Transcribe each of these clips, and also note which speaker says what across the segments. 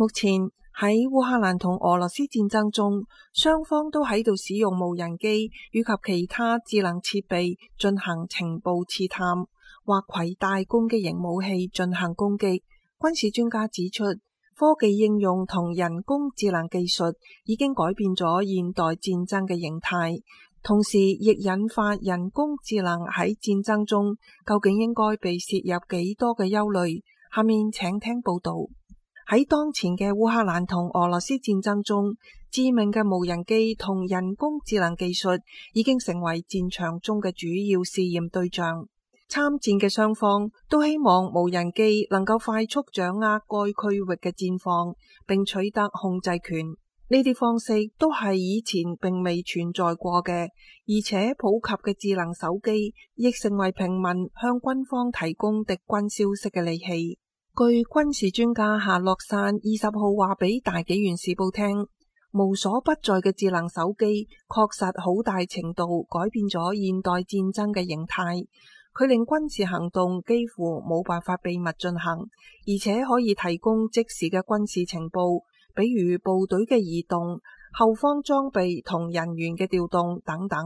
Speaker 1: 目前喺烏克蘭同俄羅斯戰爭中，雙方都喺度使用無人機以及其他智能設備進行情報刺探，或携帶攻擊型武器進行攻擊。軍事專家指出，科技應用同人工智能技術已經改變咗現代戰爭嘅形態，同時亦引發人工智能喺戰爭中究竟應該被攝入幾多嘅憂慮。下面請聽報道。喺當前嘅烏克蘭同俄羅斯戰爭中，致命嘅無人機同人工智能技術已經成為戰場中嘅主要試驗對象。參戰嘅雙方都希望無人機能夠快速掌握該區域嘅戰況，並取得控制權。呢啲方式都係以前並未存在過嘅，而且普及嘅智能手機亦成為平民向軍方提供敵軍消息嘅利器。據軍事專家夏洛山二十號話俾大紀元時報聽，無所不在嘅智能手機確實好大程度改變咗現代戰爭嘅形態。佢令軍事行動幾乎冇辦法秘密進行，而且可以提供即時嘅軍事情報，比如部隊嘅移動、後方裝備同人員嘅調動等等。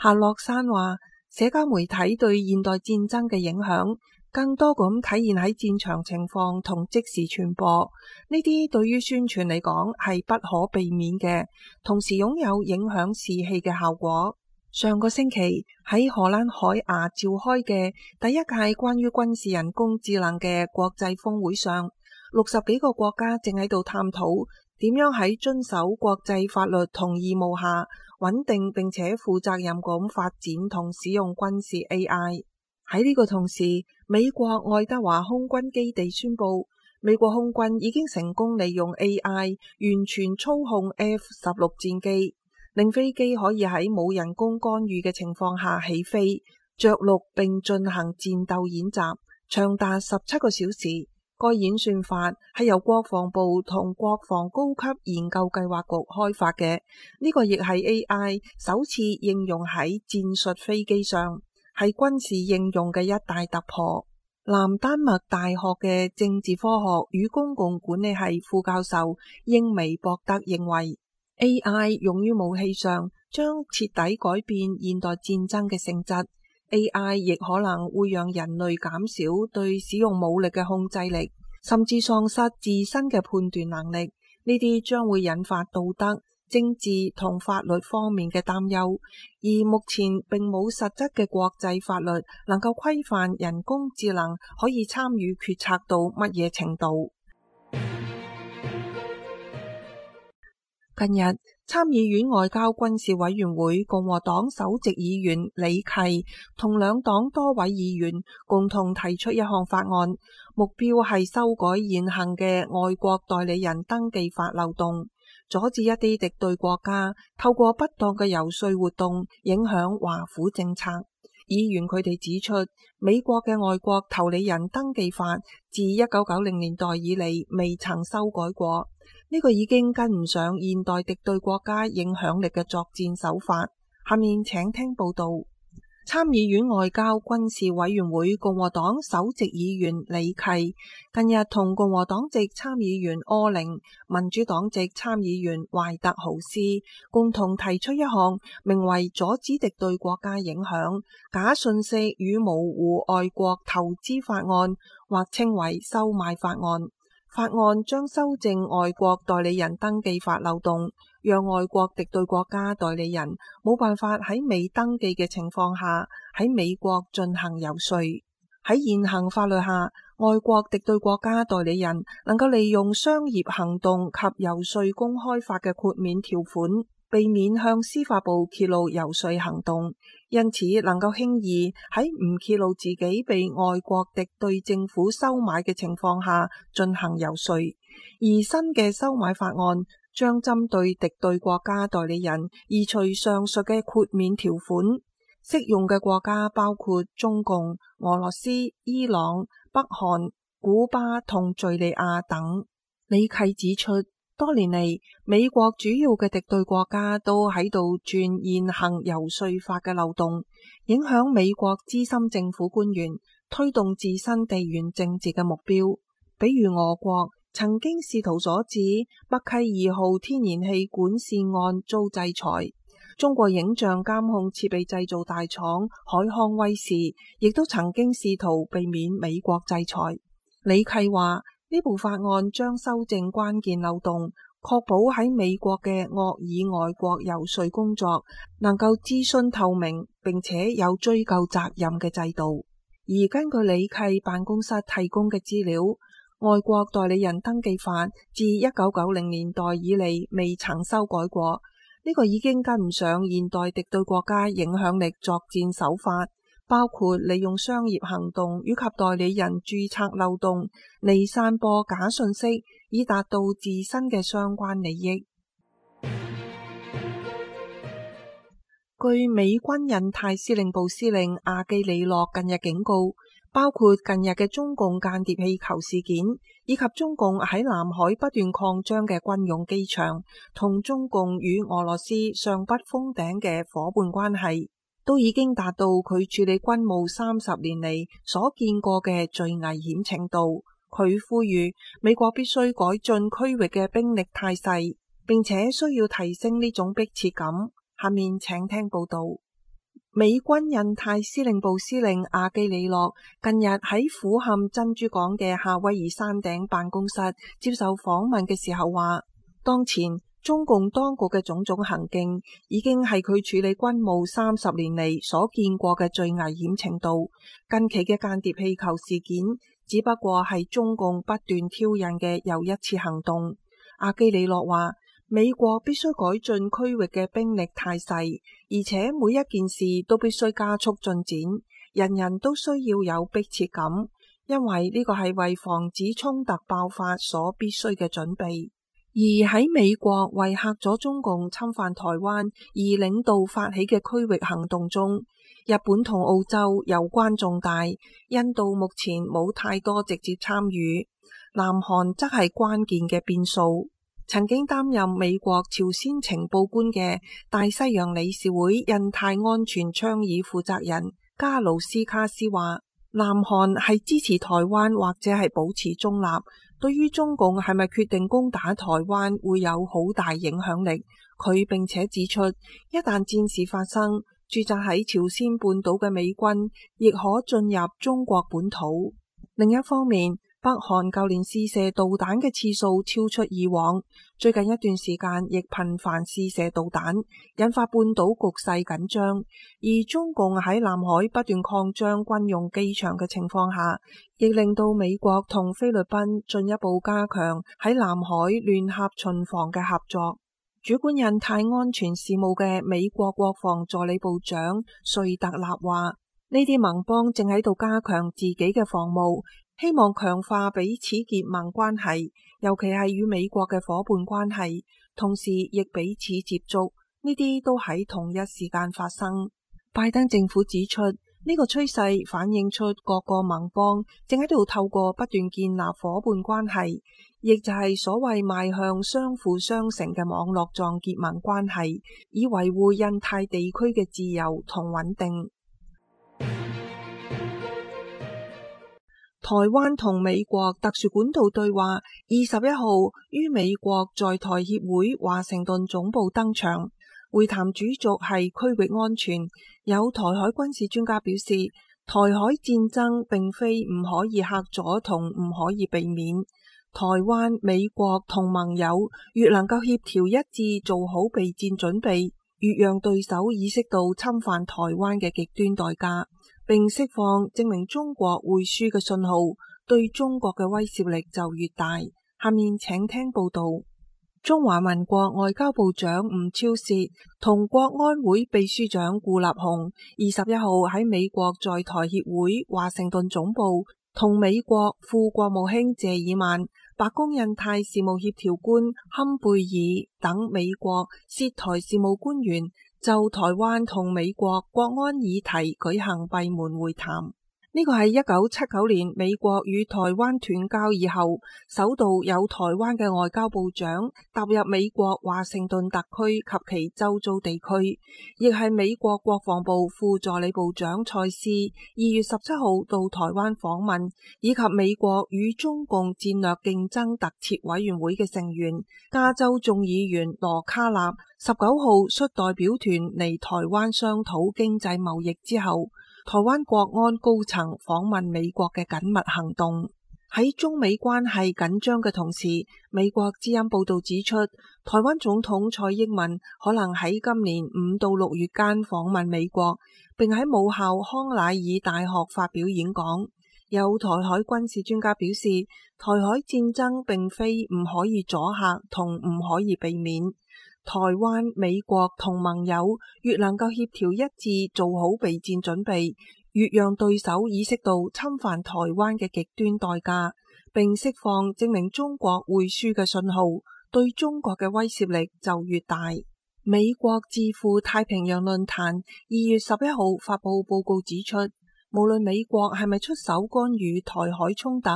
Speaker 1: 夏洛山話，社交媒體對現代戰爭嘅影響。更多咁體現喺戰場情況同即時傳播，呢啲對於宣傳嚟講，係不可避免嘅，同時擁有影響士氣嘅效果。上個星期喺荷蘭海牙召開嘅第一屆關於軍事人工智能嘅國際峰會上，六十幾個國家正喺度探討點樣喺遵守國際法律同義務下，穩定並且負責任咁發展同使用軍事 AI。喺呢個同時，美國愛德華空軍基地宣布，美國空軍已經成功利用 AI 完全操控 F 十六戰機，令飛機可以喺冇人工干預嘅情況下起飛、着陸並進行戰鬥演習，長達十七個小時。該演算法係由國防部同國防高級研究計劃局開發嘅，呢個亦係 AI 首次應用喺戰術飛機上。係軍事應用嘅一大突破。南丹麥大學嘅政治科學與公共管理系副教授英美博德認為，AI 用於武器上，將徹底改變現代戰爭嘅性質。AI 亦可能會讓人類減少對使用武力嘅控制力，甚至喪失自身嘅判斷能力。呢啲將會引發道德、政治同法律方面嘅擔憂，而目前並冇實質嘅國際法律能夠規範人工智能可以參與決策到乜嘢程度。 近日，參議院外交軍事委員會共和黨首席議員李驥同兩黨多位議員共同提出一項法案，目標係修改現行嘅外國代理人登記法漏洞。阻止一啲敵對國家透過不當嘅遊說活動影響華府政策。議員佢哋指出，美國嘅外國投理人登記法自一九九零年代以嚟未曾修改過，呢、這個已經跟唔上現代敵對國家影響力嘅作戰手法。下面請聽報道。參議院外交軍事委員會共和黨首席議員李契近日同共和黨籍參議員柯寧、民主黨籍參議員懷特豪斯共同提出一項名為《阻止敵對國家影響假訊息與模糊外國投資法案》，或稱為“收買法案”。法案將修正外國代理人登記法漏洞。讓外國敵對國家代理人冇辦法喺未登記嘅情況下喺美國進行遊說。喺現行法律下，外國敵對國家代理人能夠利用商業行動及遊說公開法嘅豁免條款，避免向司法部揭露遊說行動，因此能夠輕易喺唔揭露自己被外國敵對政府收買嘅情況下進行遊說。而新嘅收買法案。將針對敵對國家代理人，而除上述嘅豁免條款適用嘅國家包括中共、俄羅斯、伊朗、北韓、古巴同敘利亞等。李契指出，多年嚟，美國主要嘅敵對國家都喺度鑽現行游說法嘅漏洞，影響美國資深政府官員推動自身地緣政治嘅目標，比如俄國。曾經試圖阻止北溪二號天然氣管線案遭制裁，中國影像監控設備製造大廠海康威視亦都曾經試圖避免美國制裁。李契話：呢部法案將修正關鍵漏洞，確保喺美國嘅惡意外國游說工作能夠資訊透明，並且有追究責任嘅制度。而根據李契辦公室提供嘅資料。外國代理人登記法自一九九零年代以嚟未曾修改過，呢、這個已經跟唔上現代敵對國家影響力作戰手法，包括利用商業行動以及代理人註冊漏洞嚟散播假信息，以達到自身嘅相關利益。 據美軍印太司令部司令阿基里洛近日警告，包括近日嘅中共間諜氣球事件，以及中共喺南海不斷擴張嘅軍用機場，同中共與俄羅斯上不封頂嘅夥伴關係，都已經達到佢處理軍務三十年嚟所見過嘅最危險程度。佢呼籲美國必須改進區域嘅兵力態勢，並且需要提升呢種迫切感。下面請聽報道。美軍印太司令部司令阿基里諾近日喺俯瞰珍珠港嘅夏威夷山頂辦公室接受訪問嘅時候話，當前中共當局嘅種種行徑，已經係佢處理軍務三十年嚟所見過嘅最危險程度。近期嘅間諜氣球事件，只不過係中共不斷挑釁嘅又一次行動。阿基里諾話。美國必須改進區域嘅兵力態勢，而且每一件事都必須加速進展。人人都需要有迫切感，因為呢個係為防止衝突爆發所必須嘅準備。而喺美國為嚇阻中共侵犯台灣而領導發起嘅區域行動中，日本同澳洲攸關重大，印度目前冇太多直接參與，南韓則係關鍵嘅變數。曾經擔任美國朝鮮情報官嘅大西洋理事會印太安全倡議負責人加魯斯卡斯話，南韓係支持台灣或者係保持中立，對於中共係咪決定攻打台灣會有好大影響力。佢並且指出，一旦戰事發生，駐紮喺朝鮮半島嘅美軍亦可進入中國本土。另一方面。北韓舊年試射導彈嘅次數超出以往，最近一段時間亦頻繁試射導彈，引發半島局勢緊張。而中共喺南海不斷擴張軍用機場嘅情況下，亦令到美國同菲律賓進一步加強喺南海聯合巡防嘅合作。主管印太安全事務嘅美國國防助理部長瑞特納話：呢啲盟邦正喺度加強自己嘅防務。希望強化彼此結盟關係，尤其係與美國嘅夥伴關係，同時亦彼此接觸，呢啲都喺同一時間發生。拜登政府指出，呢、這個趨勢反映出各個盟邦正喺度透過不斷建立夥伴關係，亦就係所謂邁向相輔相成嘅網絡狀結盟關係，以維護印太地區嘅自由同穩定。台灣同美國特殊管道對話，二十一號於美國在台協會華盛頓總部登場。會談主軸係區域安全。有台海軍事專家表示，台海戰爭並非唔可以嚇阻同唔可以避免。台灣、美國同盟友越能夠協調一致做好備戰準備，越讓對手意識到侵犯台灣嘅極端代價。並釋放證明中國會輸嘅信號，對中國嘅威懾力就越大。下面請聽報道：中華民國外交部長吳釗燮同國安會秘書長顧立雄二十一號喺美國在台協會華盛頓總部，同美國副國務卿謝爾曼、白宮印太事務協調官坎貝爾等美國涉台事務官員，就台灣同美國國安議題舉行閉門會談。呢個係一九七九年美國與台灣斷交以後，首度有台灣嘅外交部長踏入美國華盛頓特區及其周遭地區，亦係美國國防部副助理部長蔡斯二月十七號到台灣訪問，以及美國與中共戰略競爭特設委員會嘅成員加州眾議員羅卡納十九號率代表團嚟台灣商討經濟貿易之後。台灣國安高層訪問美國嘅緊密行動，喺中美關係緊張嘅同時，美國之音報道指出，台灣總統蔡英文可能喺今年五到六月間訪問美國，並喺母校康乃爾大學發表演講。有台海軍事專家表示，台海戰爭並非唔可以阻嚇同唔可以避免。台灣、美國同盟友越能夠協調一致做好備戰準備，越讓對手意識到侵犯台灣嘅極端代價，並釋放證明中國會輸嘅信號，對中國嘅威懾力就越大。美國智庫太平洋論壇二月十一號發佈報告指出，無論美國係咪出手干預台海衝突。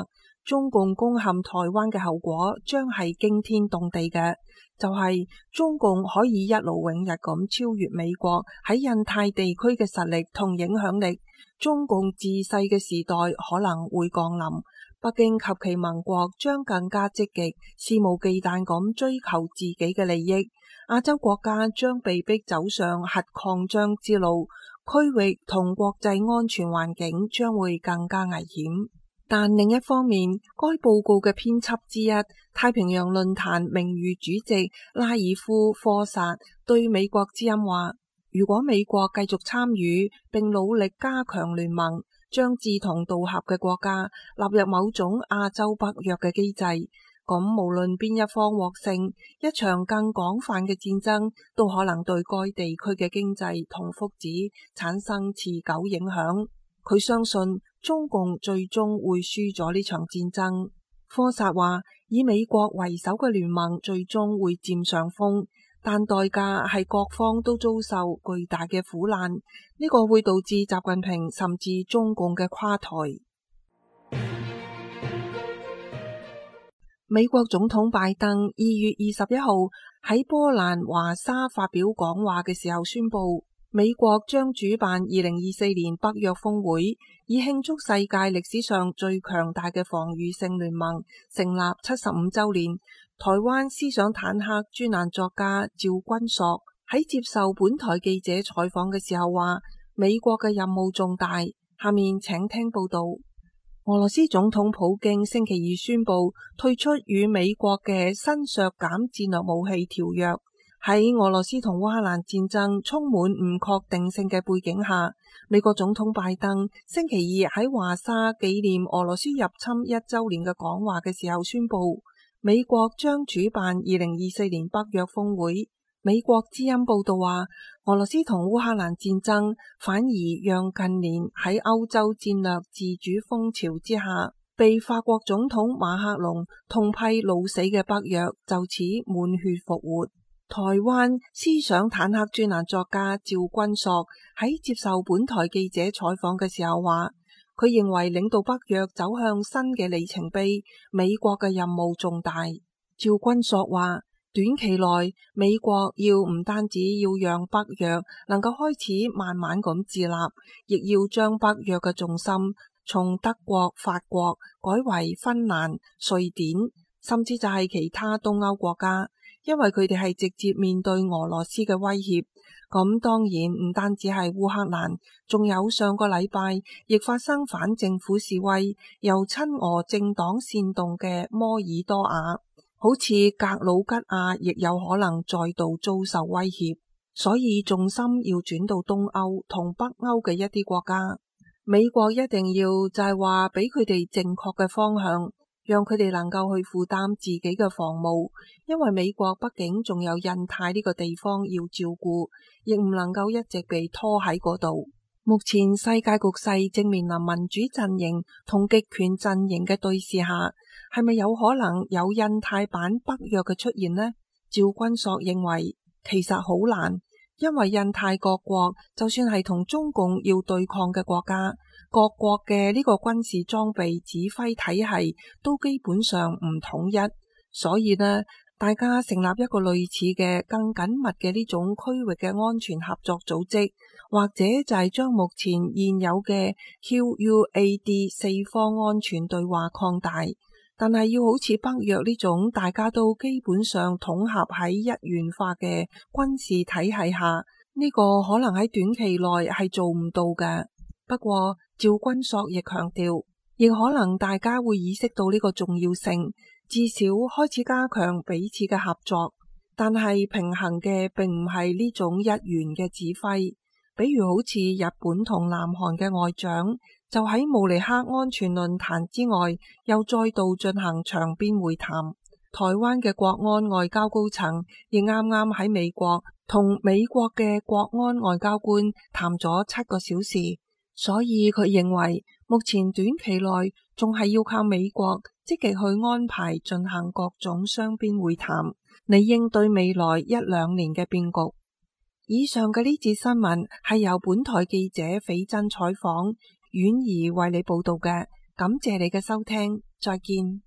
Speaker 1: 中共攻陷台灣嘅後果將係驚天動地嘅，就係、是、中共可以一勞永逸咁超越美國喺印太地區嘅實力同影響力，中共自細嘅時代可能會降臨，北京及其盟國將更加積極肆無忌憚咁追求自己嘅利益，亞洲國家將被迫走上核擴張之路，區域同國際安全環境將會更加危險。但另一方面，該報告嘅編輯之一太平洋論壇名譽主席拉爾夫科薩對美國之音話，如果美國繼續參與並努力加強聯盟，將志同道合嘅國家納入某種亞洲北約嘅機制，咁無論邊一方獲勝，一場更廣泛嘅戰爭都可能對該地區嘅經濟同福祉產生持久影響，佢相信。中共最終會輸咗呢場戰爭。科薩話：以美國為首嘅聯盟最終會佔上風，但代價係各方都遭受巨大嘅苦難。呢、這個會導致習近平甚至中共嘅垮台。 美國總統拜登二月二十一號喺波蘭華沙發表講話嘅時候宣布。美國將主辦二零二四年北約峰會，以慶祝世界歷史上最強大嘅防禦性聯盟成立七十五周年。台灣思想坦克專欄作家趙君碩喺接受本台記者採訪嘅時候話，美國嘅任務重大。下面請聽報道。俄羅斯總統普京星期二宣布退出與美國嘅新削減戰略武器條約。喺俄羅斯同烏克蘭戰爭充滿唔確定性嘅背景下，美國總統拜登星期二喺華沙紀念俄羅斯入侵一周年嘅講話嘅時候宣布，美國將主辦二零二四年北約峰會。美國之音報道話，俄羅斯同烏克蘭戰爭反而讓近年喺歐洲戰略自主風潮之下，被法國總統馬克龍痛批老死嘅北約就此滿血復活。台灣思想坦克專欄作家趙君朔喺接受本台記者採訪嘅時候話，佢認為領導北約走向新嘅里程碑，美國嘅任務重大。趙君朔話，短期內美國要唔單止要讓北約能夠開始慢慢咁自立，亦要將北約嘅重心從德國、法國改為芬蘭、瑞典，甚至就係其他東歐國家。因為佢哋係直接面對俄羅斯嘅威脅，咁當然唔單止係烏克蘭，仲有上個禮拜亦發生反政府示威，由親俄政黨煽動嘅摩爾多瓦，好似格魯吉亞亦有可能再度遭受威脅，所以重心要轉到東歐同北歐嘅一啲國家，美國一定要就係話俾佢哋正確嘅方向。讓佢哋能夠去負擔自己嘅防務，因為美國畢竟仲有印太呢個地方要照顧，亦唔能夠一直被拖喺嗰度。目前世界局勢正面臨民主陣營同極權陣營嘅對峙下，係咪有可能有印太版北約嘅出現呢？趙君碩認為，其實好難，因為印太各國就算係同中共要對抗嘅國家。各國嘅呢個軍事裝備指揮體系都基本上唔統一，所以咧，大家成立一個類似嘅更緊密嘅呢種區域嘅安全合作組織，或者就係將目前現有嘅 QUAD 四方安全對話擴大，但係要好似北約呢種大家都基本上統合喺一元化嘅軍事體系下，呢個可能喺短期內係做唔到嘅。不過，趙君朔亦強調，亦可能大家會意識到呢個重要性，至少開始加強彼此嘅合作。但係平衡嘅並唔係呢種一元嘅指揮，比如好似日本同南韓嘅外長就喺慕尼黑安全論壇之外，又再度進行場邊會談。台灣嘅國安外交高層亦啱啱喺美國同美國嘅國安外交官談咗七個小時。所以佢認為，目前短期內仲係要靠美國積極去安排進行各種雙邊會談，嚟應對未來一兩年嘅變局。以上嘅呢節新聞係由本台記者斐珍採訪婉儀為你報道嘅，感謝你嘅收聽，再見。